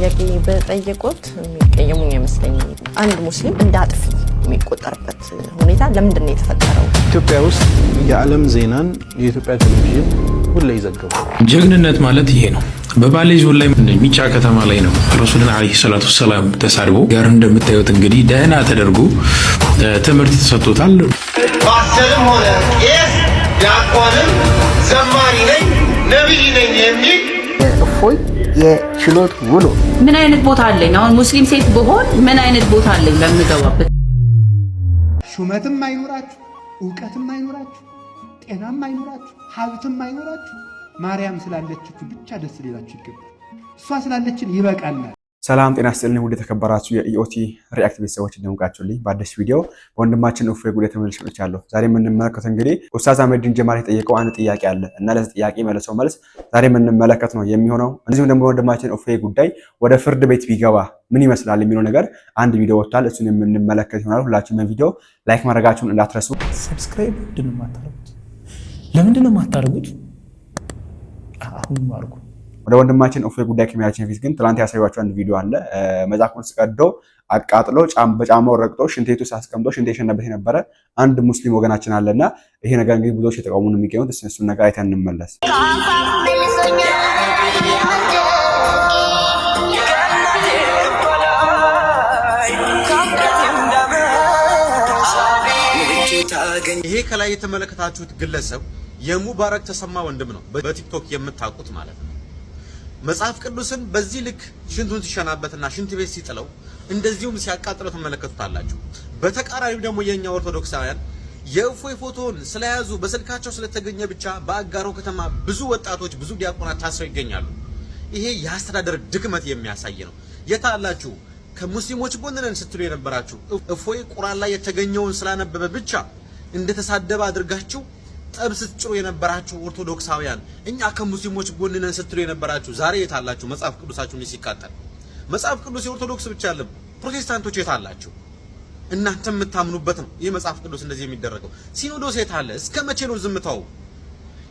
ጥያቄ በጠየቁት የሚቀየሙ አይመስለኝም። አንድ ሙስሊም እንደ አጥፊ የሚቆጠርበት ሁኔታ ለምንድን ነው የተፈጠረው? ኢትዮጵያ ውስጥ የዓለም ዜናን የኢትዮጵያ ቴሌቪዥን ሁላ ይዘገቡ። ጀግንነት ማለት ይሄ ነው። በባሌ ዞን ላይ ሚጫ ከተማ ላይ ነው ረሱልን ዓለይሂ ሰላቱ ሰላም ተሳድቦ ጋር እንደምታዩት እንግዲህ ደህና ተደርጎ ትምህርት ተሰጥቶታል። ፓስተርም ሆነ ቄስ ዲያቆንም ዘማሪ ነኝ ነቢይ ነኝ የሚል እፎይ የችሎት ውሎ ምን አይነት ቦታ አለኝ? አሁን ሙስሊም ሴት ብሆን ምን አይነት ቦታ አለኝ ለምገባበት? ሹመትም አይኖራችሁ፣ እውቀትም አይኖራችሁ፣ ጤናም አይኖራችሁ፣ ሀብትም አይኖራችሁ። ማርያም ስላለችሁ ብቻ ደስ ሌላችሁ ይገባል። እሷ ስላለችን ይበቃልናል። ሰላም ጤና ስጥልን። ውድ የተከበራችሁ የኢኦቲ ሪአክት ቤተሰቦች እንደምቃችሁልኝ በአዲስ ቪዲዮ በወንድማችን እፎይ ጉዳይ ተመልሼ መጥቻለሁ። ዛሬ የምንመለከት እንግዲህ ኡስታዝ አህመዲን ጀማል የጠየቀው አንድ ጥያቄ አለ እና ለዚህ ጥያቄ መለሰው መልስ ዛሬ የምንመለከት ነው የሚሆነው። እንደዚሁም ደግሞ ወንድማችን እፎይ ጉዳይ ወደ ፍርድ ቤት ቢገባ ምን ይመስላል የሚለው ነገር አንድ ቪዲዮ ወጥቷል። እሱን የምንመለከት ይሆናል። ሁላችሁም ቪዲዮ ላይክ ማድረጋችሁን እንዳትረሱ። ሰብስክራይብ ምንድን ነው የማታደርጉት? ለምንድን ነው የማታደርጉት? አድርጉ ወደ ወንድማችን እፎይ ጉዳይ ከመሄዳችን ፊት ግን ትላንት ያሳዩቸው አንድ ቪዲዮ አለ። መዛኩን ስቀዶ ቀዶ አቃጥሎ በጫማው ረግጦ ሽንት ቤት ውስጥ አስቀምጦ ሽንት የሸናበት የነበረ አንድ ሙስሊም ወገናችን አለና ይሄ ነገር እንግዲህ ብዙዎች የተቃውሙን የሚገኙት እሱን ነገር አይተን እንመለስ። ይሄ ከላይ የተመለከታችሁት ግለሰብ የሙባረክ ተሰማ ወንድም ነው። በቲክቶክ የምታውቁት ማለት ነው። መጽሐፍ ቅዱስን በዚህ ልክ ሽንቱን ሲሸናበትና ሽንት ቤት ሲጥለው እንደዚሁም ሲያቃጥለው ትመለከቱታላችሁ። በተቃራኒው ደግሞ የኛ ኦርቶዶክሳውያን የእፎይ ፎቶን ስለያዙ በስልካቸው ስለተገኘ ብቻ በአጋሮ ከተማ ብዙ ወጣቶች፣ ብዙ ዲያቆናት ታስረው ይገኛሉ። ይሄ የአስተዳደር ድክመት የሚያሳይ ነው። የታላችሁ ከሙስሊሞች ጎን ነን ስትሉ የነበራችሁ እፎይ ቁራን ላይ የተገኘውን ስላነበበ ብቻ እንደተሳደበ አድርጋችሁ ጠብ ስትጭሩ የነበራችሁ ኦርቶዶክሳውያን እኛ ከሙስሊሞች ጎን ነን ስትሉ የነበራችሁ ዛሬ የት አላችሁ? መጽሐፍ ቅዱሳችሁ እንዲህ ሲቃጠል መጽሐፍ ቅዱስ የኦርቶዶክስ ብቻ አይደለም፣ ፕሮቴስታንቶች የት አላችሁ? እናንተ የምታምኑበት ነው ይህ መጽሐፍ ቅዱስ እንደዚህ የሚደረገው። ሲኖዶስ የት አለ? እስከ መቼ ነው ዝምታው?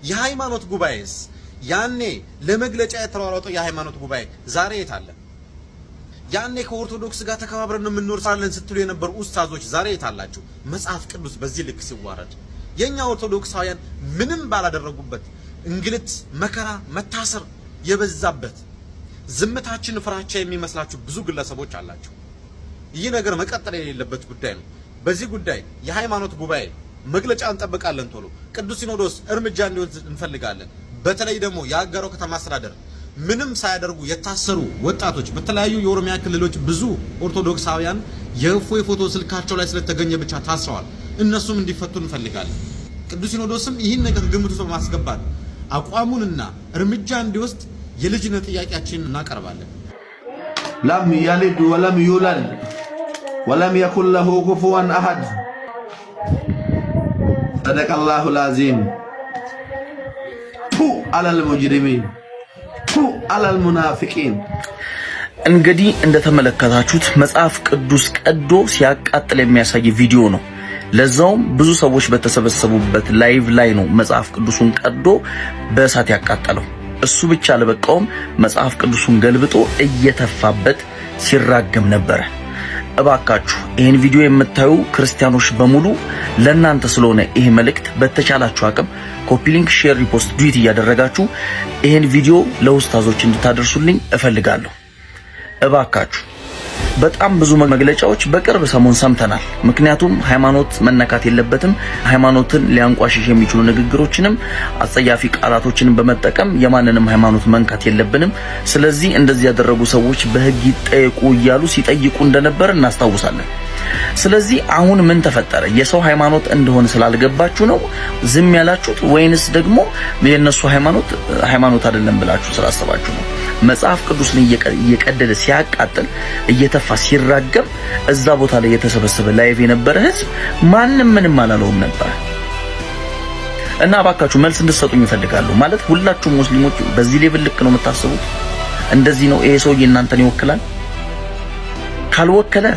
የሃይማኖት ጉባኤስ ያኔ ለመግለጫ የተሯሯጠው የሃይማኖት ጉባኤ ዛሬ የት አለ? ያኔ ከኦርቶዶክስ ጋር ተከባብረን የምንኖር ሳለን ስትሉ የነበሩ ኡስታዞች ዛሬ የት አላችሁ? መጽሐፍ ቅዱስ በዚህ ልክ ሲዋረድ የኛ ኦርቶዶክሳውያን ምንም ባላደረጉበት እንግልት፣ መከራ፣ መታሰር የበዛበት ዝምታችን ፍራቻ የሚመስላችሁ ብዙ ግለሰቦች አላቸው። ይህ ነገር መቀጠል የሌለበት ጉዳይ ነው። በዚህ ጉዳይ የሃይማኖት ጉባኤ መግለጫ እንጠብቃለን። ቶሎ ቅዱስ ሲኖዶስ እርምጃ እንዲወስድ እንፈልጋለን። በተለይ ደግሞ የአገረው ከተማ አስተዳደር ምንም ሳያደርጉ የታሰሩ ወጣቶች በተለያዩ የኦሮሚያ ክልሎች ብዙ ኦርቶዶክሳውያን የእፎይ ፎቶ ስልካቸው ላይ ስለተገኘ ብቻ ታስረዋል። እነሱም እንዲፈቱ እንፈልጋለን። ቅዱስ ሲኖዶስም ይህን ነገር ግምት ውስጥ በማስገባት አቋሙንና እርምጃ እንዲወስድ የልጅነት ጥያቄያችንን እናቀርባለን። ላም ያሊድ ወለም ዩላድ ወለም የኩን ለሁ ኩፉወን አሐድ። ሰደቀላሁ ልዓዚም። ቱ አላል ሙጅሪሚን ቱ አላል ሙናፊቂን። እንግዲህ እንደተመለከታችሁት መጽሐፍ ቅዱስ ቀዶ ሲያቃጥል የሚያሳይ ቪዲዮ ነው። ለዛውም ብዙ ሰዎች በተሰበሰቡበት ላይቭ ላይ ነው መጽሐፍ ቅዱሱን ቀዶ በእሳት ያቃጠለው። እሱ ብቻ አልበቃውም፣ መጽሐፍ ቅዱሱን ገልብጦ እየተፋበት ሲራገም ነበረ። እባካችሁ ይህን ቪዲዮ የምታዩ ክርስቲያኖች በሙሉ ለእናንተ ስለሆነ ይሄ መልእክት፣ በተቻላችሁ አቅም ኮፒ ሊንክ፣ ሼር፣ ሪፖስት፣ ዱዊት እያደረጋችሁ ይህን ቪዲዮ ለውስታዞች እንድታደርሱልኝ እፈልጋለሁ። እባካችሁ በጣም ብዙ መግለጫዎች በቅርብ ሰሞን ሰምተናል። ምክንያቱም ሃይማኖት መነካት የለበትም፣ ሃይማኖትን ሊያንቋሽሽ የሚችሉ ንግግሮችንም አጸያፊ ቃላቶችንም በመጠቀም የማንንም ሃይማኖት መንካት የለብንም፣ ስለዚህ እንደዚህ ያደረጉ ሰዎች በህግ ይጠየቁ እያሉ ሲጠይቁ እንደነበር እናስታውሳለን። ስለዚህ አሁን ምን ተፈጠረ? የሰው ሃይማኖት እንደሆነ ስላልገባችሁ ነው ዝም ያላችሁት፣ ወይንስ ደግሞ የእነሱ ሃይማኖት ሃይማኖት አይደለም ብላችሁ ስላሰባችሁ ነው? መጽሐፍ ቅዱስን እየቀደደ ሲያቃጥል እየተፋ ሲራገም እዛ ቦታ ላይ የተሰበሰበ ላይቭ የነበረ ህዝብ ማንም ምንም አላለውም ነበር። እና እባካችሁ መልስ እንድትሰጡኝ እፈልጋለሁ። ማለት ሁላችሁም ሙስሊሞች በዚህ ሌብል ልክ ነው የምታስቡት? እንደዚህ ነው ይሄ ሰውዬ እናንተን ይወክላል? ካልወከለ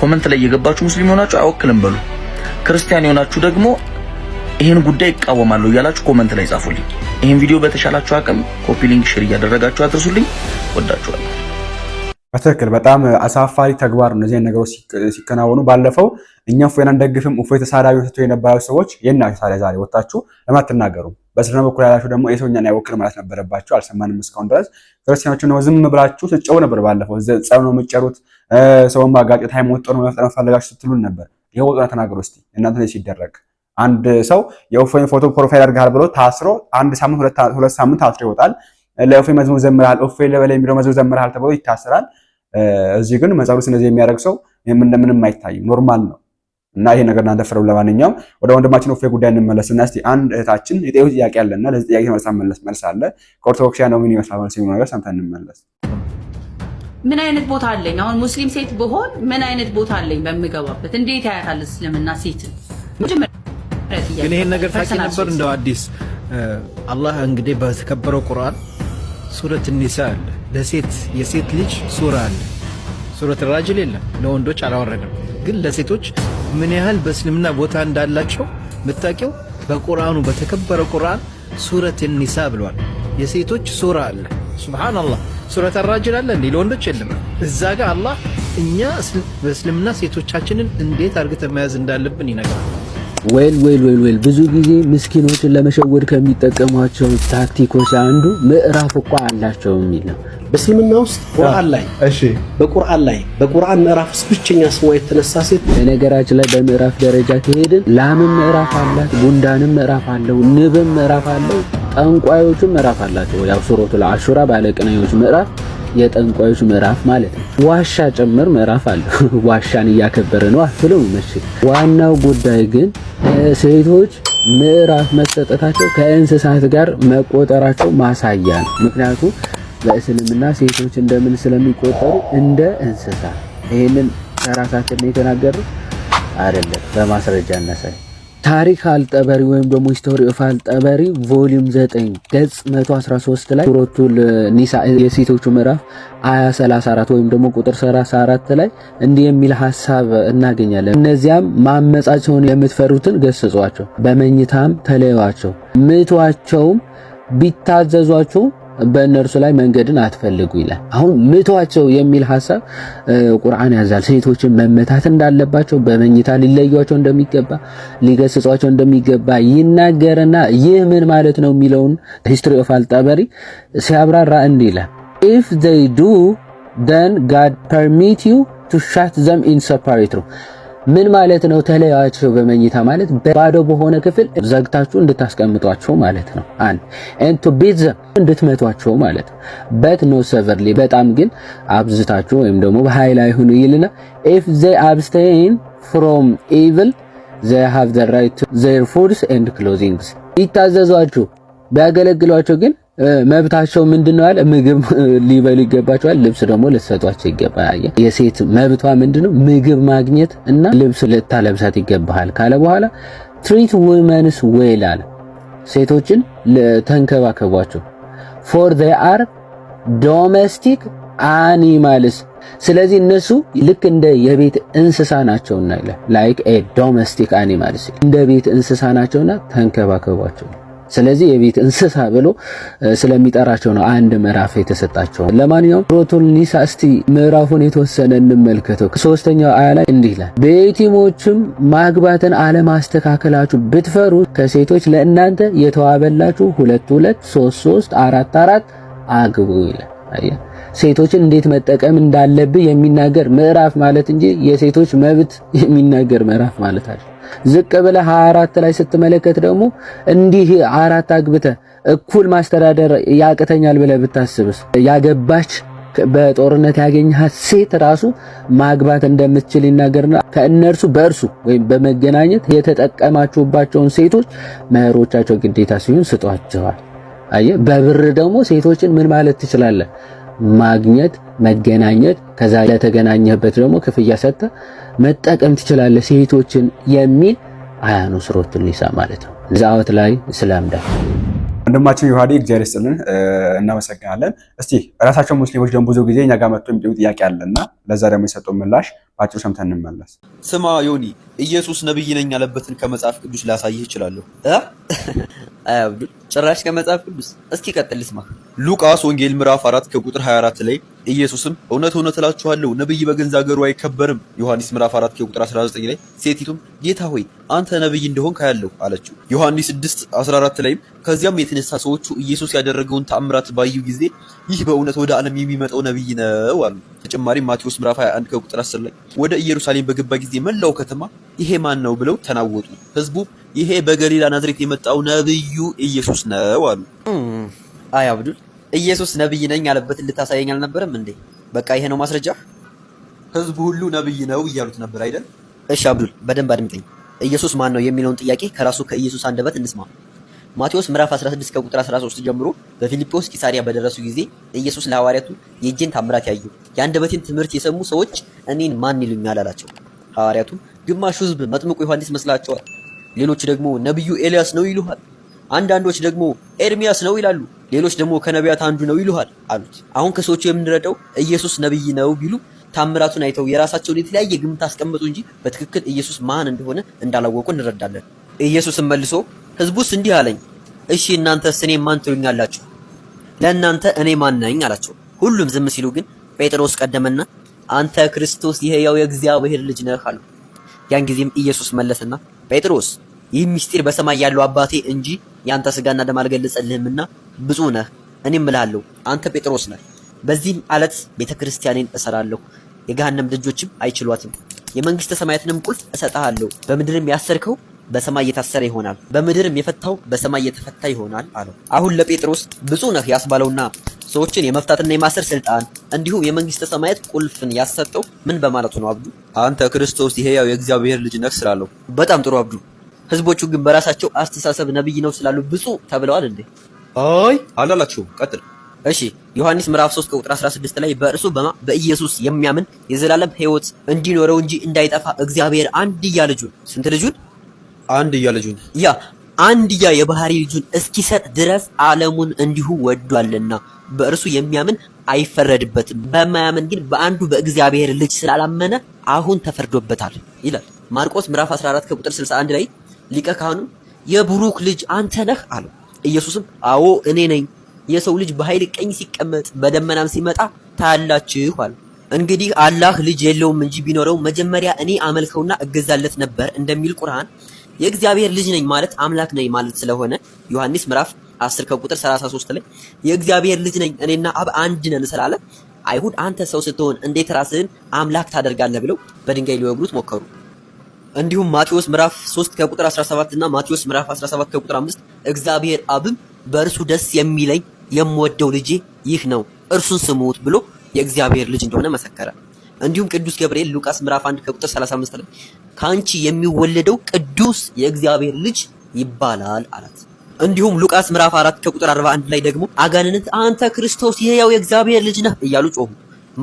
ኮመንት ላይ የገባችሁ ሙስሊም የሆናችሁ አይወክልም በሉ። ክርስቲያን የሆናችሁ ደግሞ ይህን ጉዳይ ይቃወማለሁ እያላችሁ ኮመንት ላይ ጻፉልኝ። ይህን ቪዲዮ በተሻላችሁ አቅም ኮፒ ሊንክ፣ ሽር እያደረጋችሁ አድርሱልኝ። ወዳችኋለሁ። በትክክል በጣም አሳፋሪ ተግባር ነው። እነዚህ ነገሮች ሲከናወኑ ባለፈው እኛ እፎይን አንደግፍም እፎይ ተሳዳቢ ወጥቶ የነበራችሁ ሰዎች የናችሁ ታዲያ ዛሬ ወጣችሁ ለማትናገሩ አትናገሩም? በኩል ያላችሁ ደግሞ የሰው እኛን አይወክልም ማለት ነበረባችሁ። አልሰማንም እስካሁን ድረስ። ክርስቲያኖችን ነው ዝም ብላችሁ ስጨው ነበር። ባለፈው ጸብ ነው የምጨሩት፣ ሰውን ማጋጨት፣ ሃይማኖት ጦር ነው መፍጠር ፈለጋችሁ ስትሉን ነበር። ይህ ወጡና ተናገሩ እስቲ እናንተ ሲደረግ አንድ ሰው የእፎይን ፎቶ ፕሮፋይል አድርጋል ብሎ ታስሮ አንድ ሳምንት ሁለት ሳምንት ታስሮ ይወጣል። ለእፎይ መዝሙር ዘምርሃል፣ እፎይ ለበለ የሚለው መዝሙር ዘምርሃል ተብሎ ይታሰራል። እዚህ ግን መጽሐፍ ውስጥ እንደዚህ የሚያደርግ ሰው ምንም አይታይም፣ ኖርማል ነው። እና ይሄ ነገር እናንተ ፍረው። ለማንኛውም ወደ ወንድማችን ኦፌ ጉዳይ እንመለስ እና እስቲ አንድ እህታችን የጤው ጥያቄ አለና ለዚህ ጥያቄ ተመልሳ መልስ መልስ አለ ከኦርቶዶክሲያ ነው ምን ይመስላል መልስ የሚሆነው ነገር ሰምተን እንመለስ። ምን አይነት ቦታ አለኝ? አሁን ሙስሊም ሴት ብሆን ምን አይነት ቦታ አለኝ? በምገባበት እንዴት ያያታል እስልምና ሴት መጀመሪያ ግን ይሄን ነገር ታቂ ነበር? እንደው አዲስ አላህ እንግዲህ በተከበረው ቁርአን ሱረት ኒሳ አለ፣ ለሴት የሴት ልጅ ሱራ አለ። ሱረት ራጅል የለም፣ ለወንዶች አላወረደም። ግን ለሴቶች ምን ያህል በእስልምና ቦታ እንዳላቸው ምታቂው በቁርአኑ በተከበረ ቁርአን ሱረት ኒሳ ብሏል። የሴቶች ሱራ አለ። ሱብሃንአላህ ሱረት አራጅል አለ እንዴ? ለወንዶች የለም። እዛ ጋር አላህ እኛ በእስልምና ሴቶቻችንን እንዴት አድርገን መያዝ እንዳለብን ይነግራል። ወይል ወይል ወይል ወይል ብዙ ጊዜ ምስኪኖችን ለመሸወድ ከሚጠቀሟቸው ታክቲኮች አንዱ ምዕራፍ እኮ አላቸው የሚል ነው። በእስልምና ውስጥ ቁርአን ላይ እሺ፣ በቁርአን ላይ በቁርአን ምዕራፍ ውስጥ ብቸኛ ስሟ የተነሳ ሴት በነገራችን ላይ በምዕራፍ ደረጃ ከሄድን ላምም ምዕራፍ አላት፣ ጉንዳንም ምዕራፍ አለው፣ ንብም ምዕራፍ አለው፣ ጠንቋዮቹም ምዕራፍ አላቸው። ያው ሱረቱል አሹራ ባለቅኔዎች ምዕራፍ የጠንቋዮች ምዕራፍ ማለት ነው። ዋሻ ጭምር ምዕራፍ አለ። ዋሻን እያከበረ ነው አትሉም? መቼ ዋናው ጉዳይ ግን ሴቶች ምዕራፍ መሰጠታቸው ከእንስሳት ጋር መቆጠራቸው ማሳያ ነው። ምክንያቱም በእስልምና ሴቶች እንደምን ስለሚቆጠሩ እንደ እንስሳ። ይህንን ከራሳችን የተናገሩ አይደለም፣ በማስረጃ እናሳይ። ታሪክ አልጠበሪ ወይም ደግሞ ሂስቶሪ ኦፍ አልጠበሪ ቮሊዩም 9 ገጽ 113 ላይ ሱረቱል ኒሳ የሴቶቹ ምዕራፍ አያ 34 ወይም ደግሞ ቁጥር 34 ላይ እንዲህ የሚል ሐሳብ እናገኛለን። እነዚያም ማመጻቸውን የምትፈሩትን ገስጿቸው፣ በመኝታም ተለዩዋቸው፣ ምቷቸውም ቢታዘዟቸው በእነርሱ ላይ መንገድን አትፈልጉ ይላል። አሁን ምቷቸው የሚል ሐሳብ ቁርአን ያዛል። ሴቶችን መመታት እንዳለባቸው፣ በመኝታ ሊለዩቸው እንደሚገባ፣ ሊገስጿቸው እንደሚገባ ይናገርና ይህ ምን ማለት ነው የሚለውን ሂስትሪ ኦፍ አልጣበሪ ሲያብራራ እንዲህ ይላል ኢፍ ዴይ ዱ ደን ጋድ ፐርሚት ዩ ቱ ሻት ዘም ኢን ሰፓሬት ሩም ምን ማለት ነው? ተለያቸው በመኝታ ማለት ባዶ በሆነ ክፍል ዘግታችሁ እንድታስቀምጧቸው ማለት ነው። አንድ እንቱ ቢዝ እንድትመቷቸው ማለት በት ኖ ሰቨርሊ በጣም ግን አብዝታችሁ ወይም ደግሞ በኃይል አይሁኑ ይልና ኢፍ ዘ አብስቴን ፍሮም ኢቭል ዘ ሃቭ ዘ ራይት ዘር ፉድስ ኤንድ ክሎዚንግስ ይታዘዟችሁ ቢያገለግሏቸው ግን መብታቸው ምንድነው አለ ምግብ ሊበሉ ይገባቸዋል። ልብስ ደግሞ ልትሰጧቸው ይገባል። የሴት መብቷ ምንድነው? ምግብ ማግኘት እና ልብስ ልታለብሳት ይገባሃል ካለ በኋላ ትሪት ውመንስ ዌል አለ። ሴቶችን ተንከባከቧቸው። ፎር ዴይ አር ዶሜስቲክ አኒማልስ ስለዚህ እነሱ ልክ እንደ የቤት እንስሳ ናቸውና፣ ላይክ ኤ ዶሜስቲክ አኒማልስ እንደ ቤት እንስሳ ናቸውና ተንከባከቧቸው። ስለዚህ የቤት እንስሳ ብሎ ስለሚጠራቸው ነው አንድ ምዕራፍ የተሰጣቸው። ለማንኛውም ሱረቱል ኒሳ እስቲ ምዕራፉን የተወሰነ እንመልከተው። ሶስተኛው አያ ላይ እንዲህ ይላል፣ በየቲሞችም ማግባትን አለማስተካከላችሁ ብትፈሩ ከሴቶች ለእናንተ የተዋበላችሁ ሁለት ሁለት ሶስት ሶስት አራት አራት አግቡ ይላል። ሴቶችን እንዴት መጠቀም እንዳለብህ የሚናገር ምዕራፍ ማለት እንጂ የሴቶች መብት የሚናገር ምዕራፍ ማለት አይደል። ዝቅ ብለ 24 ላይ ስትመለከት ደግሞ እንዲህ አራት አግብተ እኩል ማስተዳደር ያቅተኛል ብለ ብታስብስ ያገባች በጦርነት ያገኘሃት ሴት ራሱ ማግባት እንደምትችል ይናገርና ከእነርሱ በእርሱ ወይም በመገናኘት የተጠቀማችሁባቸውን ሴቶች መሮቻቸው ግዴታ ሲሆን ስጧቸዋል። አየ በብር ደግሞ ሴቶችን ምን ማለት ትችላለህ? ማግኘት፣ መገናኘት፣ ከዛ ለተገናኘህበት ደግሞ ክፍያ ሰጥተህ መጠቀም ትችላለህ ሴቶችን የሚል አያኑ ስሮቱን ሊሳ ማለት ነው። ዛወት ላይ እስላም ዳ ወንድማችን ዮሐዲ እግዚአብሔር ይስጥልን፣ እናመሰግናለን። እስቲ ራሳቸው ሙስሊሞች ደግሞ ብዙ ጊዜ እኛ ጋር መጥቶ የሚጠይቁ ጥያቄ አለና ለዛ ደግሞ የሰጠው ምላሽ አጭር ሰምተን እንመለስ። ስማ ዮኒ፣ ኢየሱስ ነብይ ነኝ ያለበትን ከመጽሐፍ ቅዱስ ላሳይህ እችላለሁ። ጭራሽ ከመጽሐፍ ቅዱስ? እስኪ ቀጥል ስማ። ሉቃስ ወንጌል ምዕራፍ 4 ከቁጥር 24 ላይ ኢየሱስም እውነት እውነት እላችኋለሁ ነብይ በገንዛ አገሩ አይከበርም። ዮሐንስ ምዕራፍ 4 ከቁጥር 19 ላይ ሴቲቱም ጌታ ሆይ አንተ ነብይ እንደሆን ካያለሁ አለችው። ዮሐንስ 6 14 ላይም ከዚያም የተነሳ ሰዎቹ ኢየሱስ ያደረገውን ተአምራት ባዩ ጊዜ ይህ በእውነት ወደ ዓለም የሚመጣው ነብይ ነው አሉ። ተጨማሪም ማቴዎስ ምዕራፍ 21 ከቁጥር 10 ላይ ወደ ኢየሩሳሌም በገባ ጊዜ መላው ከተማ ይሄ ማን ነው ብለው ተናወጡ። ህዝቡ ይሄ በገሊላ ናዝሬት የመጣው ነብዩ ኢየሱስ ነው አሉ። አይ አብዱል ኢየሱስ ነብይ ነኝ ያለበትን ልታሳየኝ አልነበረም እንዴ? በቃ ይሄ ነው ማስረጃ። ህዝቡ ሁሉ ነብይ ነው እያሉት ነበር አይደል? እሺ አብዱል፣ በደንብ አድምጠኝ። ኢየሱስ ማን ነው የሚለውን ጥያቄ ከራሱ ከኢየሱስ አንደበት እንስማ። ማቴዎስ ምዕራፍ 16 ከቁጥር 13 ጀምሮ በፊልጶስ ቂሳሪያ በደረሱ ጊዜ ኢየሱስ ለሐዋርያቱ የእጄን ታምራት ያዩ የአንደበቴን ትምህርት የሰሙ ሰዎች እኔን ማን ይሉኛል አላቸው። ሐዋርያቱ ግማሹ ሕዝብ መጥምቁ ዮሐንስ መስላቸዋል፣ ሌሎች ደግሞ ነቢዩ ኤልያስ ነው ይሉሃል፣ አንዳንዶች ደግሞ ኤርሚያስ ነው ይላሉ፣ ሌሎች ደግሞ ከነቢያት አንዱ ነው ይሉሃል አሉት። አሁን ከሰዎቹ የምንረዳው ኢየሱስ ነቢይ ነው ቢሉ ታምራቱን አይተው የራሳቸውን የተለያየ ግምት አስቀመጡ እንጂ በትክክል ኢየሱስ ማን እንደሆነ እንዳላወቁ እንረዳለን። ኢየሱስም መልሶ ህዝቡስ እንዲህ አለኝ፣ እሺ እናንተስ እኔ ማን ትሉኛላችሁ? ለእናንተ እኔ ማን ነኝ አላቸው። ሁሉም ዝም ሲሉ ግን ጴጥሮስ ቀደመና አንተ ክርስቶስ የሕያው የእግዚአብሔር ልጅ ነህ አለው። ያን ጊዜም ኢየሱስ መለሰና ጴጥሮስ ይህ ምስጢር በሰማይ ያለው አባቴ እንጂ ያንተ ስጋና ደም አልገለጸልህምና ብፁዕ ነህ። እኔም እልሃለሁ አንተ ጴጥሮስ ነህ፣ በዚህም አለት ቤተክርስቲያኔን እሰራለሁ፣ የገሃነም ደጆችም አይችሏትም። የመንግስተ ሰማያትንም ቁልፍ እሰጥሃለሁ፣ በምድርም ያሰርከው በሰማይ የታሰረ ይሆናል፣ በምድርም የፈታው በሰማይ የተፈታ ይሆናል አለው። አሁን ለጴጥሮስ ብፁዕ ነህ ያስባለውና ሰዎችን የመፍታትና የማሰር ስልጣን እንዲሁም የመንግስተ ሰማያት ቁልፍን ያሰጠው ምን በማለቱ ነው? አብዱ አንተ ክርስቶስ የሕያው የእግዚአብሔር ልጅ ነህ ስላለው። በጣም ጥሩ አብዱ። ህዝቦቹ ግን በራሳቸው አስተሳሰብ ነብይ ነው ስላሉ ብፁዕ ተብለዋል እንዴ? አይ አላላችሁም። ቀጥል። እሺ ዮሐንስ ምዕራፍ 3 ቁጥር 16 ላይ በእርሱ በማ በኢየሱስ የሚያምን የዘላለም ህይወት እንዲኖረው እንጂ እንዳይጠፋ እግዚአብሔር አንድያ ልጁን ስንት ልጁን አንድያ ልጁን ያ አንድያ የባህሪ ልጁን እስኪሰጥ ድረስ ዓለሙን እንዲሁ ወዷልና በእርሱ የሚያምን አይፈረድበትም፣ በማያምን ግን በአንዱ በእግዚአብሔር ልጅ ስላላመነ አሁን ተፈርዶበታል ይላል ማርቆስ ምዕራፍ 14 ከቁጥር 61 ላይ ሊቀ ካህኑም የብሩክ ልጅ አንተ ነህ አለው። ኢየሱስም አዎ እኔ ነኝ፣ የሰው ልጅ በኃይል ቀኝ ሲቀመጥ በደመናም ሲመጣ ታያላችሁ አለ። እንግዲህ አላህ ልጅ የለውም እንጂ ቢኖረው መጀመሪያ እኔ አመልከውና እገዛለት ነበር እንደሚል ቁርአን የእግዚአብሔር ልጅ ነኝ ማለት አምላክ ነኝ ማለት ስለሆነ ዮሐንስ ምዕራፍ 10 ከቁጥር 33 ላይ የእግዚአብሔር ልጅ ነኝ እኔና አብ አንድ ነን ስላለ አይሁድ አንተ ሰው ስትሆን እንዴት ራስህን አምላክ ታደርጋለህ ብለው በድንጋይ ሊወግሩት ሞከሩ። እንዲሁም ማቴዎስ ምዕራፍ 3 ከቁጥር 17 እና ማቴዎስ ምዕራፍ 17 ከቁጥር 5 እግዚአብሔር አብም በእርሱ ደስ የሚለኝ የምወደው ልጄ ይህ ነው እርሱን ስሙት ብሎ የእግዚአብሔር ልጅ እንደሆነ መሰከረ። እንዲሁም ቅዱስ ገብርኤል ሉቃስ ምዕራፍ 1 ከቁጥር 35 ላይ ከአንቺ የሚወለደው ቅዱስ የእግዚአብሔር ልጅ ይባላል አላት። እንዲሁም ሉቃስ ምዕራፍ 4 ከቁጥር 41 ላይ ደግሞ አጋንንት አንተ ክርስቶስ የሕያው የእግዚአብሔር ልጅ ነህ እያሉ ጮሁ።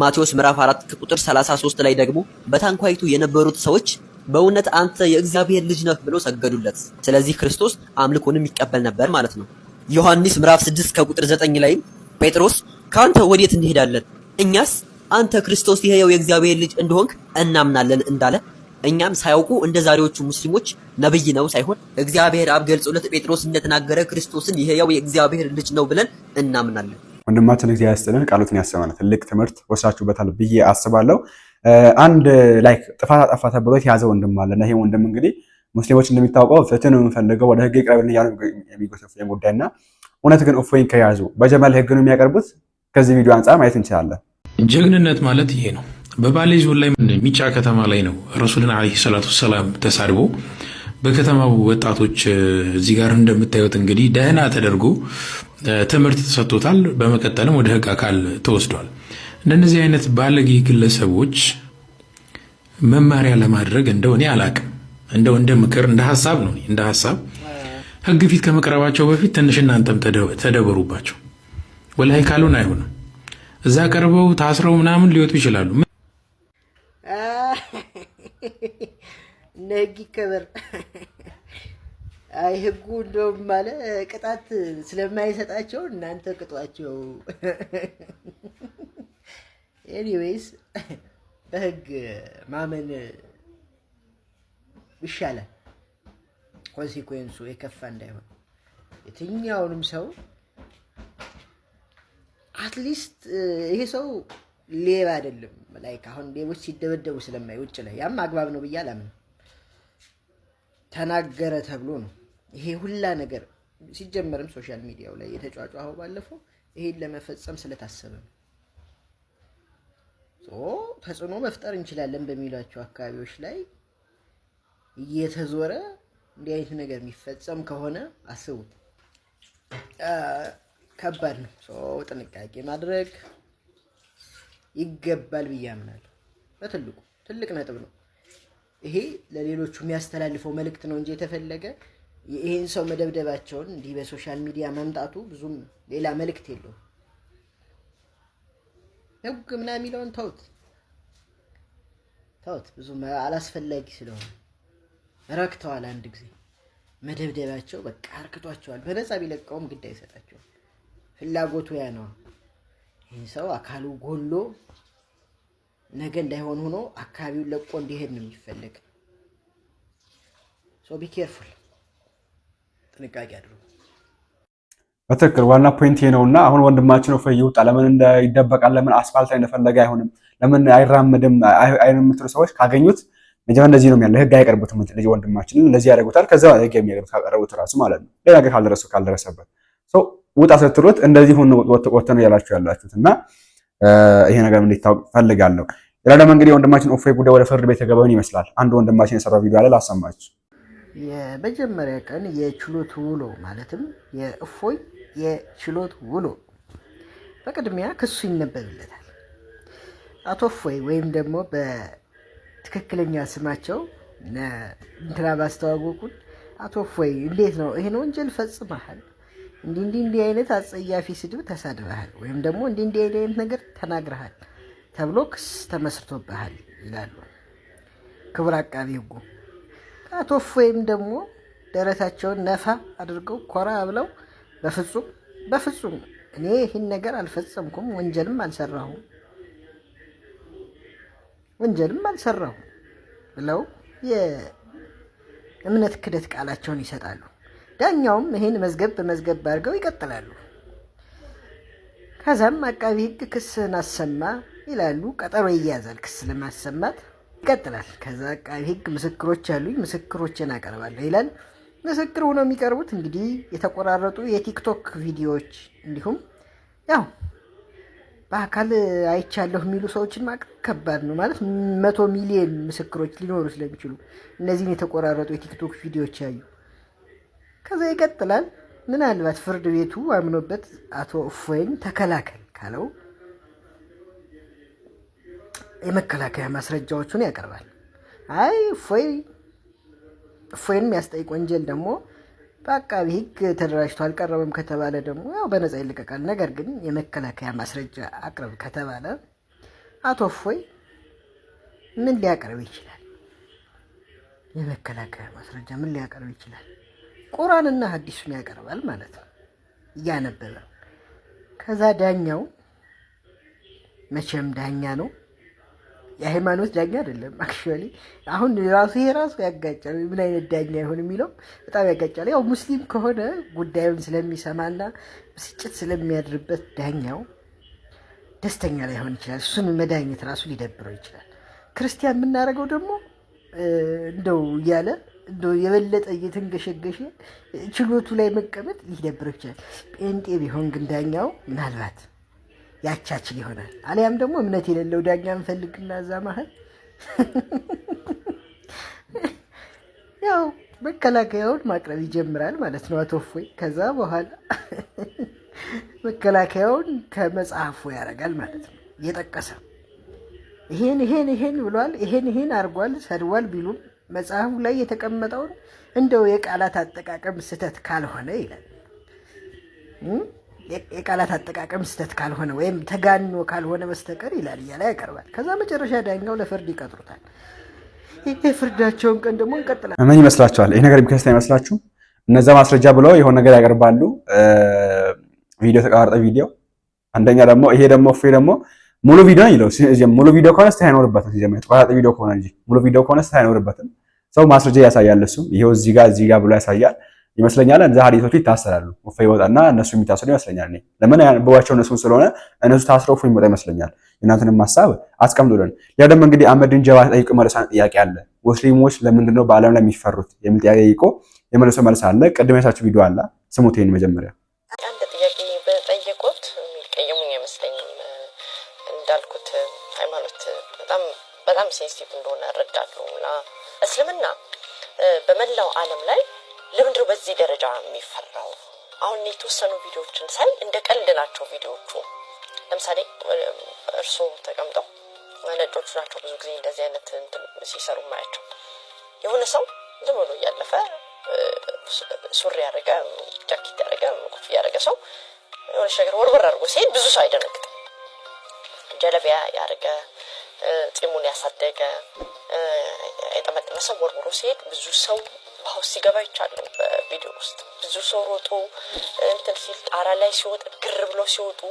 ማቴዎስ ምዕራፍ 4 ከቁጥር 33 ላይ ደግሞ በታንኳይቱ የነበሩት ሰዎች በእውነት አንተ የእግዚአብሔር ልጅ ነህ ብለው ሰገዱለት። ስለዚህ ክርስቶስ አምልኮንም ይቀበል ነበር ማለት ነው። ዮሐንስ ምዕራፍ 6 ከቁጥር 9 ላይ ጴጥሮስ ከአንተ ወዴት እንሄዳለን እኛስ አንተ ክርስቶስ የሕያው የእግዚአብሔር ልጅ እንደሆንክ እናምናለን እንዳለ እኛም ሳያውቁ እንደ ዛሬዎቹ ሙስሊሞች ነብይ ነው ሳይሆን እግዚአብሔር አብ ገልጾለት ጴጥሮስ እንደተናገረ ክርስቶስን የሕያው የእግዚአብሔር ልጅ ነው ብለን እናምናለን። ወንድማችን እግዚአብሔር ይስጥልን፣ ቃሉትን ያሰማል። ትልቅ ትምህርት ወስዳችሁበታል ብዬ አስባለሁ። አንድ ላይክ ጥፋት አጠፋ ተብሎ የተያዘ ወንድም አለ እና ይሄ ወንድም እንግዲህ ሙስሊሞች እንደሚታወቀው ፍትህ ነው የምንፈልገው ወደ ህግ ይቅረብልን እያሉ የሚጎሰፍ ጉዳይ እና እውነት ግን እፎይን ከያዙ በጀመል ህግ ነው የሚያቀርቡት። ከዚህ ቪዲዮ አንጻር ማየት እንችላለን። ጀግንነት ማለት ይሄ ነው። በባሌ ዞን ላይ ሚጫ ከተማ ላይ ነው ረሱልን ዓለይሂ ሰላቱ ሰላም ተሳድቦ በከተማው ወጣቶች እዚህ ጋር እንደምታዩት እንግዲህ ደህና ተደርጎ ትምህርት ተሰጥቶታል። በመቀጠልም ወደ ህግ አካል ተወስዷል። እንደነዚህ አይነት ባለጌ ግለሰቦች መማሪያ ለማድረግ እንደው እኔ አላቅም እንደው እንደ ምክር እንደ ሀሳብ ነው እንደ ሀሳብ ህግ ፊት ከመቅረባቸው በፊት ትንሽ እናንተም ተደበሩባቸው። ወላሂ ካሉን አይሆንም። እዛ ቀርበው ታስረው ምናምን ሊወጡ ይችላሉ። ህግ ይከበር። አይ ህጉ እንደውም ማለ ቅጣት ስለማይሰጣቸው እናንተ ቅጧቸው። ኤኒዌይስ በህግ ማመን ይሻላል፣ ኮንሲኩዌንሱ የከፋ እንዳይሆን የትኛውንም ሰው አትሊስት ይሄ ሰው ሌባ አይደለም። ላይክ አሁን ሌቦች ሲደበደቡ ስለማይ ውጭ ላይ ያም አግባብ ነው ብዬ አላምንም። ተናገረ ተብሎ ነው ይሄ ሁላ ነገር ሲጀመርም ሶሻል ሚዲያው ላይ የተጫጫኸው ባለፈው ይሄን ለመፈጸም ስለታሰበ ነው። ተጽዕኖ መፍጠር እንችላለን በሚሏቸው አካባቢዎች ላይ እየተዞረ እንዲህ አይነት ነገር የሚፈጸም ከሆነ አስቡት። ከባድ ነው። ሰው ጥንቃቄ ማድረግ ይገባል ብዬ አምናለሁ። በትልቁ ትልቅ ነጥብ ነው ይሄ። ለሌሎቹ የሚያስተላልፈው መልእክት ነው እንጂ የተፈለገ ይህን ሰው መደብደባቸውን እንዲህ በሶሻል ሚዲያ ማምጣቱ ብዙም ሌላ መልእክት የለውም። ህግ ምናምን የሚለውን ተውት ተውት፣ ብዙም አላስፈላጊ ስለሆነ ረክተዋል። አንድ ጊዜ መደብደባቸው በቃ አርክቷቸዋል። በነፃ ቢለቀውም ግድ አይሰጣቸውም። ፍላጎቱ ያ ነው። ይህን ሰው አካሉ ጎሎ ነገ እንዳይሆን ሆኖ አካባቢውን ለቆ እንዲሄድ ነው የሚፈልግ። ሶ ቢ ኬርፉል፣ ጥንቃቄ አድርጉ። በትክክል ዋና ፖይንት ይሄ ነውና፣ አሁን ወንድማችን ነው ፈይ ይውጣ። ለምን ይደበቃል? ለምን አስፋልት ላይ እንደፈለገ አይሆንም? ለምን አይራምድም? አይሆንም የምትሉ ሰዎች ካገኙት መጀመሪያ እንደዚህ ነው የሚያለው። ህግ አይቀርቡትም። ልጅ ወንድማችን እንደዚህ ያደርጉታል። ከዛ ህግ የሚያቀርቡት ካቀረቡት ራሱ ማለት ነው ሌላ ነገር ካልደረሰው ካልደረሰበት ውጣ ስትሉት እንደዚህ ሁን ወጥቆት ነው ያላችሁ ያላችሁት እና ይሄ ነገር እንዲታወቅ ፈልጋለሁ። ሌላ ደግሞ እንግዲህ ወንድማችን እፎይ ጉዳይ ወደ ፍርድ ቤት የገባውን ይመስላል። አንድ ወንድማችን የሰራው ቪዲዮ አለ ላሰማችሁ። የመጀመሪያ ቀን የችሎት ውሎ ማለትም የእፎይ የችሎት ውሎ በቅድሚያ ክሱ ይነበብለታል። አቶ እፎይ ወይም ደግሞ በትክክለኛ ስማቸው እንትና ባስተዋወቁን አቶ እፎይ እንዴት ነው ይህን ወንጀል ፈጽመሃል እንዲህ እንዲህ እንዲህ አይነት አጸያፊ ስድብ ተሳድበሃል ወይም ደግሞ እንዲህ እንዲህ አይነት ነገር ተናግረሃል ተብሎ ክስ ተመስርቶብሃል ይላሉ ክቡር አቃቢ ህጉ። ከአቶ እፎይም ደግሞ ደረታቸውን ነፋ አድርገው ኮራ ብለው በፍጹም በፍጹም እኔ ይህን ነገር አልፈጸምኩም፣ ወንጀልም አልሰራሁም፣ ወንጀልም አልሰራሁም ብለው የእምነት ክደት ቃላቸውን ይሰጣሉ። ዳኛውም ይህን መዝገብ በመዝገብ አድርገው ይቀጥላሉ። ከዛም አቃቢ ህግ ክስን አሰማ ይላሉ። ቀጠሮ ይያዛል። ክስ ለማሰማት ይቀጥላል። ከዛ አቃቢ ህግ ምስክሮች አሉኝ፣ ምስክሮችን አቀርባለሁ ይላል። ምስክር ሆነው የሚቀርቡት እንግዲህ የተቆራረጡ የቲክቶክ ቪዲዮዎች እንዲሁም ያው በአካል አይቻለሁ የሚሉ ሰዎችን ማቅረብ ከባድ ነው። ማለት መቶ ሚሊዮን ምስክሮች ሊኖሩ ስለሚችሉ እነዚህን የተቆራረጡ የቲክቶክ ቪዲዮዎች ያዩ ከዛ ይቀጥላል። ምናልባት ፍርድ ቤቱ አምኖበት አቶ እፎይን ተከላከል ካለው የመከላከያ ማስረጃዎቹን ያቀርባል። አይ እፎይ እፎይን የሚያስጠይቅ ወንጀል ደግሞ በአቃቢ ሕግ ተደራጅቶ አልቀረበም ከተባለ ደግሞ ያው በነፃ ይለቀቃል። ነገር ግን የመከላከያ ማስረጃ አቅርብ ከተባለ አቶ እፎይ ምን ሊያቀርብ ይችላል? የመከላከያ ማስረጃ ምን ሊያቀርብ ይችላል? ቁርአንና ሀዲሱን ያቀርባል ማለት ነው እያነበበ ከዛ ዳኛው መቼም ዳኛ ነው የሃይማኖት ዳኛ አይደለም። አክቹዋሊ አሁን ራሱ ይሄ ራሱ ያጋጫል። ምን አይነት ዳኛ ይሆን የሚለው በጣም ያጋጫል። ያው ሙስሊም ከሆነ ጉዳዩን ስለሚሰማና ብስጭት ስለሚያድርበት ዳኛው ደስተኛ ላይሆን ይችላል። እሱን መዳኘት ራሱ ሊደብረው ይችላል። ክርስቲያን የምናደርገው ደግሞ እንደው እያለ የበለጠ እየተንገሸገሸ ችሎቱ ላይ መቀመጥ ሊደብረው ይችላል። ጴንጤ ቢሆን ግን ዳኛው ምናልባት ያቻችል ይሆናል። አሊያም ደግሞ እምነት የሌለው ዳኛ እንፈልግና እዛ መሀል ያው መከላከያውን ማቅረብ ይጀምራል ማለት ነው አቶ እፎይ። ከዛ በኋላ መከላከያውን ከመጽሐፉ ያደርጋል ማለት ነው እየጠቀሰ ይሄን ይሄን ይሄን ብሏል፣ ይሄን ይሄን አድርጓል፣ ሰድቧል ቢሉም መጽሐፉ ላይ የተቀመጠውን እንደው የቃላት አጠቃቀም ስህተት ካልሆነ ይላል የቃላት አጠቃቀም ስህተት ካልሆነ ወይም ተጋኖ ካልሆነ በስተቀር ይላል እያለ ያቀርባል። ከዛ መጨረሻ ዳኛው ለፍርድ ይቀጥሩታል። የፍርዳቸውን ቀን ደግሞ እንቀጥላል። ምን ይመስላችኋል? ይህ ነገር የሚከስት አይመስላችሁም? እነዛ ማስረጃ ብለው የሆነ ነገር ያቀርባሉ። ቪዲዮ ተቀራርጠ ቪዲዮ አንደኛ ደግሞ ይሄ ደግሞ እፎይ ደግሞ ሙሉ ቪዲዮ ነው። ይለው። ሙሉ ቪዲዮ ከሆነ ስታይ አይኖርበትም። ሲጀምር የተቆራረጠ ቪዲዮ ከሆነ እንጂ ሙሉ ቪዲዮ ከሆነ ስታይ አይኖርበትም። ሰው ማስረጃ ያሳያል። እሱም ይሄው እዚህ ጋር እዚህ ጋር ብሎ ያሳያል ይመስለኛል። እዛ ሀዲቶቹ ይታሰራሉ። ወፈ ይወጣና እነሱ የሚታሰሩ ይመስለኛል። እኔ ለምን ያነበባቸው እነሱ ስለሆነ እነሱ ታስረው እፎይ ይወጣ ይመስለኛል። እናንተንም ሀሳብ አስቀምጡልን። ያ ደግሞ እንግዲህ አመድን ጀባ ጠይቆ መለሰ ጥያቄ አለ። ሙስሊሞች ለምንድን ነው በዓለም ላይ የሚፈሩት የሚል ጥያቄ ጠይቆ የመለሰው መልስ አለ። ቅድም ያሳችሁ ቪዲዮ አለ። ስሙት ይሄን መጀመሪያ ማለት በጣም በጣም ሴንሲቲቭ እንደሆነ እረዳለሁ። እና እስልምና በመላው ዓለም ላይ ለምንድነው በዚህ ደረጃ የሚፈራው? አሁን የተወሰኑ ቪዲዮዎችን ሳይ እንደ ቀልድ ናቸው ቪዲዮዎቹ። ለምሳሌ እርሶ ተቀምጠው ነጮቹ ናቸው ብዙ ጊዜ እንደዚህ አይነት ሲሰሩ ማያቸው። የሆነ ሰው ዝም ብሎ እያለፈ ሱሪ ያደረገ ጃኬት ያደረገ ኮፍያ ያደረገ ሰው የሆነች ነገር ወርወር አድርጎ ሲሄድ ብዙ ሰው አይደነግጥም። ገለቢያ ያደረገ ጢሙን ያሳደገ የጠመጠመ ሰው ወርውሮ ሲሄድ ብዙ ሰው በሀውስ ሲገባ ይቻለሁ። በቪዲዮ ውስጥ ብዙ ሰው ሮጦ እንትን ሲል ጣራ ላይ ሲወጥ ግር ብሎ ሲወጡ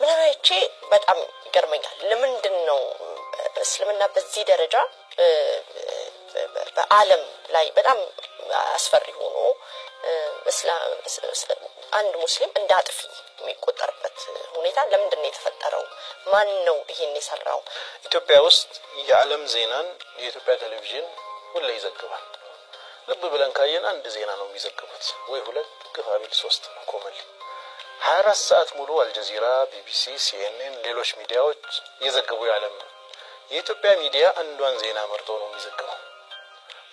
ምናይቼ በጣም ይገርመኛል። ለምንድን ነው እስልምና በዚህ ደረጃ በዓለም ላይ በጣም አስፈሪ ሆኖ አንድ ሙስሊም እንደ አጥፊ የሚቆጠርበት ሁኔታ ለምንድን ነው የተፈጠረው? ማን ነው ይሄን የሰራው? ኢትዮጵያ ውስጥ የዓለም ዜናን የኢትዮጵያ ቴሌቪዥን ሁሌ ይዘግባል። ልብ ብለን ካየን አንድ ዜና ነው የሚዘግቡት፣ ወይ ሁለት፣ ግፋ ቢል ሶስት ነው ኮመል። ሀያ አራት ሰዓት ሙሉ አልጀዚራ፣ ቢቢሲ፣ ሲኤንኤን፣ ሌሎች ሚዲያዎች እየዘገቡ የዓለም ነው። የኢትዮጵያ ሚዲያ አንዷን ዜና መርጦ ነው የሚዘግበው።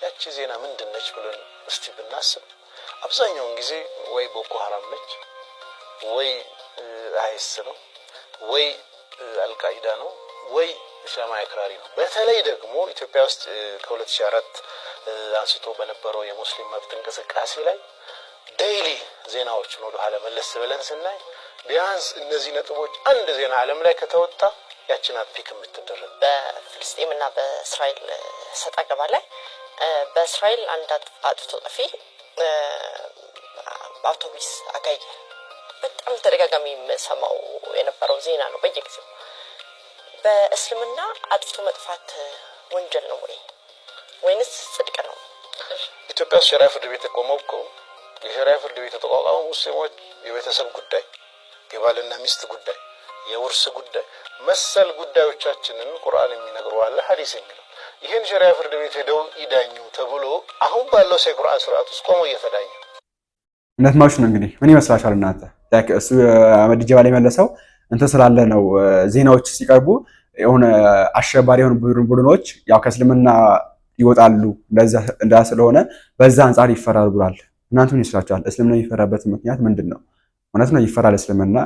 ያቺ ዜና ምንድን ነች ብለን እስቲ ብናስብ አብዛኛውን ጊዜ ወይ ቦኮ ሀራም ነች ወይ አይስ ነው ወይ አልቃኢዳ ነው ወይ እስላማዊ አክራሪ ነው። በተለይ ደግሞ ኢትዮጵያ ውስጥ ከ2004 አንስቶ በነበረው የሙስሊም መብት እንቅስቃሴ ላይ ዴይሊ ዜናዎችን ወደኋላ መለስ ብለን ስናይ ቢያንስ እነዚህ ነጥቦች አንድ ዜና ዓለም ላይ ከተወጣ ያችን አፒክ የምትደረግ በፍልስጤምና በእስራኤል ሰጣ ገባ ላይ በእስራኤል አንድ አጥፍቶ ጠፊ አውቶቡስ አጋየ። በጣም ተደጋጋሚ የምሰማው የነበረው ዜና ነው በየጊዜው። በእስልምና አጥፍቶ መጥፋት ወንጀል ነው ወይ ወይንስ ጽድቅ ነው? ኢትዮጵያ ውስጥ ሸሪያ ፍርድ ቤት የቆመው እኮ የሸሪያ ፍርድ ቤት የተቋቋመው ሙስሊሞች የቤተሰብ ጉዳይ፣ የባልና ሚስት ጉዳይ፣ የውርስ ጉዳይ መሰል ጉዳዮቻችንን ቁርአን የሚነግረዋለ ሀዲስ የሚለው ይህን ሸሪያ ፍርድ ቤት ሄደው ይዳኙ ተብሎ አሁን ባለው ሴኩራን ስርዓት ውስጥ ቆሞ እየተዳኘ እነት ማሹ ነው። እንግዲህ ምን ይመስላችኋል እናንተ? እሱ አህመድ ላይ መለሰው እንትን ስላለ ነው። ዜናዎች ሲቀርቡ የሆነ አሸባሪ የሆኑ ቡድኖች ያው ከእስልምና ይወጣሉ እንዳ ስለሆነ በዛ አንጻር ይፈራል ብሏል። እናንተ ምን ይመስላችኋል? እስልምና የሚፈራበት ምክንያት ምንድን ነው? እውነት ነው ይፈራል። እስልምና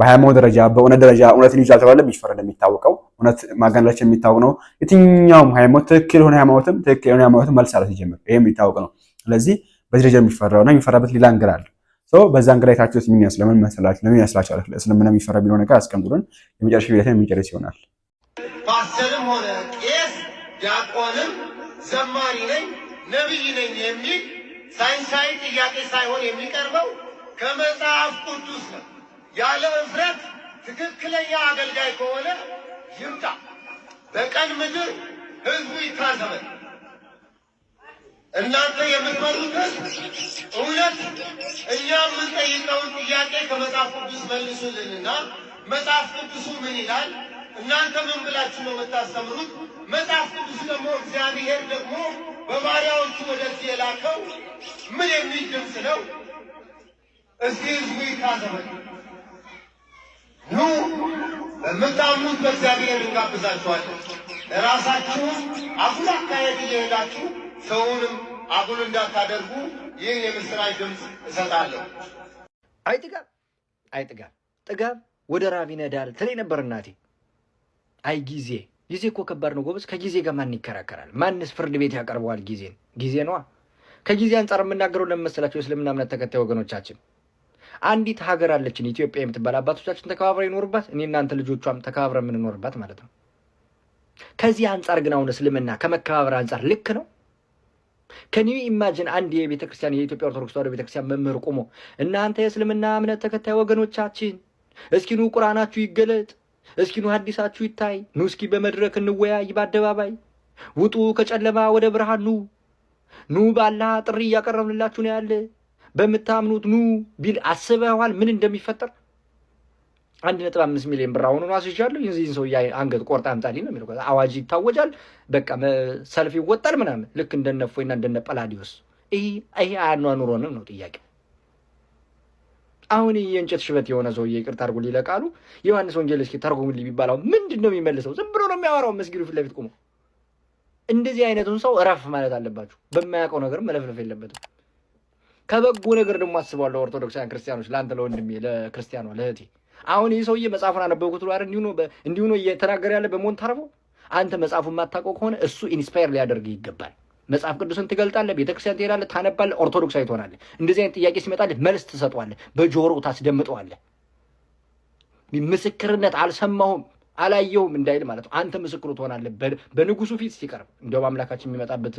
በሃይማኖት ደረጃ በእውነት ደረጃ እውነትን ይዟል ተባለ ይፈራ የሚታወቀው እውነት ማጋለች የሚታወቅ ነው። የትኛውም ሃይማኖት ትክክል የሆነ ሃይማኖትም ትክክል የሆነ ሃይማኖትም መልስ አለ ሲጀምር ይሄ የሚታወቅ ነው። ስለዚህ በዚህ ደረጃ የሚፈራው እና የሚፈራበት ሌላ እንግር አለ። ሰው በዛ እንግራ የታችሁት ምን ያስለምን መሰላችሁ? ለምን ያስላችኋል? እስልምና የሚፈራ ቢለው ነገር አስቀምጡልን። የመጨረሻ ቤታ የሚጨርስ ይሆናል። ፓስተርም ሆነ ቄስ ዲያቆንም ዘማሪ ነኝ ነብይ ነኝ የሚል ሳይንሳዊ ጥያቄ ሳይሆን የሚቀርበው ከመጽሐፍ ቅዱስ ነው። ያለ እፍረት ትክክለኛ አገልጋይ ከሆነ ይምጣ። በቀን ምድር ህዝቡ ይታዘበል። እናንተ የምትመሩት እውነት እኛ የምንጠይቀውን ጥያቄ ከመጽሐፍ ቅዱስ መልሱልንና መጽሐፍ ቅዱሱ ምን ይላል? እናንተ ምን ብላችሁ ነው የምታስተምሩት? መጽሐፍ ቅዱስ ደግሞ እግዚአብሔር ደግሞ በባሪያዎቹ ወደዚህ የላከው ምን የሚል ድምፅ ነው? እስቲ ህዝቡ ይታዘበል። ኑ በምታምኑት በእግዚአብሔር እንጋብዛችኋል። ራሳችሁም አጉል አካሄድ እየሄዳችሁ ሰውንም አጉል እንዳታደርጉ ይህ የምስራች ድምፅ እሰጣለሁ። አይ ጥጋብ፣ አይ ጥጋብ፣ ወደ ራብ ይነዳል ትለኝ ነበር እናቴ። አይ ጊዜ፣ ጊዜ እኮ ከባድ ነው ጎበዝ። ከጊዜ ጋር ማን ይከራከራል? ማንስ ፍርድ ቤት ያቀርበዋል? ጊዜን ጊዜ ነዋ። ከጊዜ አንጻር የምናገረው ለመሰላቸው የእስልምና እምነት ተከታይ ወገኖቻችን አንዲት ሀገር አለችን ኢትዮጵያ የምትባል አባቶቻችን ተከባብረው ይኖሩባት፣ እኔ እናንተ ልጆቿም ተከባብረ የምንኖርባት ማለት ነው። ከዚህ አንጻር ግን አሁን እስልምና ከመከባበር አንጻር ልክ ነው? ከኒው ኢማጅን አንድ የቤተ ክርስቲያን የኢትዮጵያ ኦርቶዶክስ ተዋሕዶ ቤተክርስቲያን መምህር ቆሞ እናንተ የእስልምና እምነት ተከታይ ወገኖቻችን እስኪኑ ቁርአናችሁ ይገለጥ፣ እስኪኑ ሀዲሳችሁ ይታይ፣ ኑ እስኪ በመድረክ እንወያይ፣ በአደባባይ ውጡ፣ ከጨለማ ወደ ብርሃን ኑ፣ ኑ ባላ ጥሪ እያቀረብንላችሁ ነው ያለ በምታምኑት ኑ ቢል አስበዋል ምን እንደሚፈጠር? አንድ ነጥብ አምስት ሚሊዮን ብር አሁኑን አስይዣለሁ ይህን ሰው አንገት ቆርጣ አምጣልኝ ነው የሚለው። አዋጅ ይታወጃል፣ በቃ ሰልፍ ይወጣል ምናምን ልክ እንደነፎይና እንደነ ጳላዲዮስ ይህ አያኗኑሮንም ነው ጥያቄ። አሁን የእንጨት ሽበት የሆነ ሰውዬ ይቅርታ አድርጎ ሊለቃሉ ዮሐንስ ወንጌል እስኪ ተርጉምልኝ ቢባለው ምንድን ነው የሚመልሰው? ዝም ብሎ ነው የሚያወራው መስጊዱ ፊት ለፊት ቁሞ። እንደዚህ አይነቱን ሰው እረፍ ማለት አለባችሁ። በማያውቀው ነገር መለፍለፍ የለበትም። ከበጎ ነገር ደግሞ አስባለሁ። ኦርቶዶክሳውያን ክርስቲያኖች፣ ለአንተ ለወንድሜ፣ ለክርስቲያኗ፣ ለእህቴ አሁን ይህ ሰውዬ መጽሐፉን አነበብኩት ብሎ እንዲሁ ነው እየተናገረ ያለ በመሆን ታርፎ አንተ መጽሐፉን የማታውቀው ከሆነ እሱ ኢንስፓየር ሊያደርግ ይገባል። መጽሐፍ ቅዱስን ትገልጣለህ፣ ቤተክርስቲያን ትሄዳለህ፣ ታነባለህ፣ ኦርቶዶክሳዊ ትሆናለህ። እንደዚህ አይነት ጥያቄ ሲመጣልህ መልስ ትሰጠዋለህ፣ በጆሮ ታስደምጠዋለህ። ምስክርነት አልሰማሁም አላየውም እንዳይል ማለት ነው። አንተ ምስክሩ ትሆናለህ በንጉሱ ፊት ሲቀርብ። እንዲሁም አምላካችን የሚመጣበት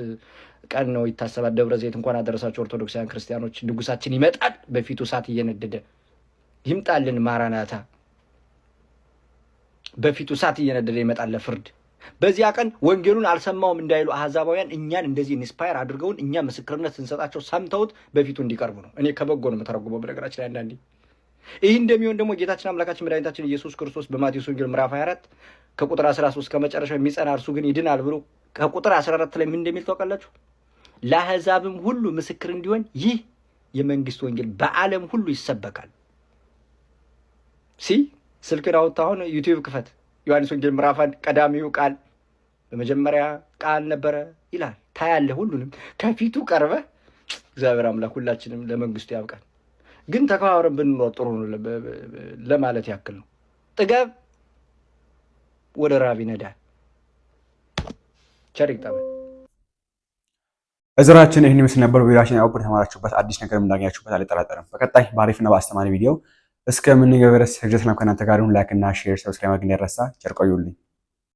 ቀን ነው ይታሰባል። ደብረ ዘይት እንኳን አደረሳቸው ኦርቶዶክሳውያን ክርስቲያኖች። ንጉሳችን ይመጣል በፊቱ እሳት እየነደደ ይምጣልን፣ ማራናታ በፊቱ እሳት እየነደደ ይመጣል ለፍርድ። በዚያ ቀን ወንጌሉን አልሰማውም እንዳይሉ አህዛባውያን እኛን እንደዚህ ኢንስፓየር አድርገውን እኛ ምስክርነት ስንሰጣቸው ሰምተውት በፊቱ እንዲቀርቡ ነው። እኔ ከበጎ ነው የምተረጉመው በነገራችን ላይ አንዳንዴ ይህ እንደሚሆን ደግሞ ጌታችን አምላካችን መድኃኒታችን ኢየሱስ ክርስቶስ በማቴዎስ ወንጌል ምዕራፍ 24 ከቁጥር 13 ከመጨረሻው የሚጸና እርሱ ግን ይድናል ብሎ ከቁጥር 14 ላይ ምን እንደሚል ታውቃላችሁ? ለአሕዛብም ሁሉ ምስክር እንዲሆን ይህ የመንግስት ወንጌል በዓለም ሁሉ ይሰበካል። ሲ ስልክን አውጥተህ አሁን ዩቲዩብ ክፈት። ዮሐንስ ወንጌል ምዕራፍ አንድ ቀዳሚው ቃል በመጀመሪያ ቃል ነበረ ይላል። ታያለህ። ሁሉንም ከፊቱ ቀርበህ እግዚአብሔር አምላክ ሁላችንም ለመንግስቱ ያብቃል። ግን ተከባብረን ብንኖር ጥሩ ለማለት ያክል ነው። ጥገብ ወደ ራብ ይነዳል። ቸር ይግጠመን። እዝራችን ይህን ምስል ነበር። ቪዲዮችን ያውቁ የተማራችሁበት አዲስ ነገር እንዳገኛችሁበት አልጠራጠርም። በቀጣይ በአሪፍና በአስተማሪ ቪዲዮ እስከምንገበረስ ህግዘትና ከእናንተ ጋር ላይክ እና ሼር ሰብስክራይብ ማግኘት ያረሳ ቸር ቆዩልኝ።